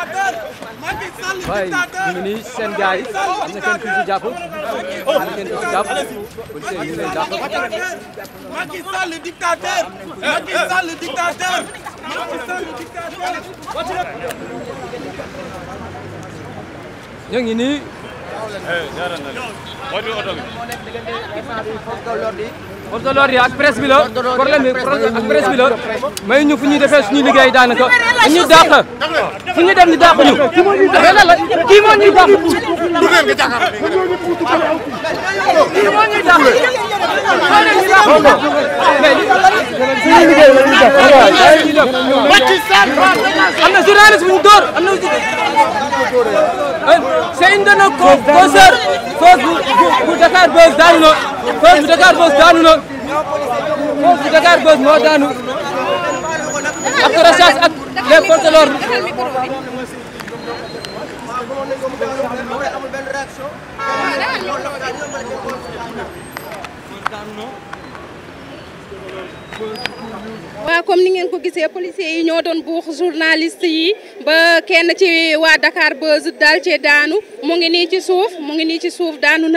waaye ngi nii seen gars yi am na kenn ku ci jàpp am na kenn ku ci jàpp policier yi ngi leen jàpp. force de l'ordre yi ak presse bi la problème bi ak presse bi la may ñu fu ñuy defee suñu liggéey daanaka ñu dàq fu ñu dem ñu dàq ñu mais lan la kii moo ñuy dàq kii moo ñuy dàq am na journaliste bu ñu door am na c'est une de nos consoeurs bu Dakar Buzz daanu na force bi Dakar Buzz daanu na force bi Dakar Buzz moo ak recherche ak les forces de l'ordre comme ni ngeen ko gisee policiers yi ñoo doon buux journaliste yi ba kenn ci waa Dakar Buzz daal cee daanu mu ngi nii ci suuf mu ngi nii ci suuf daanu na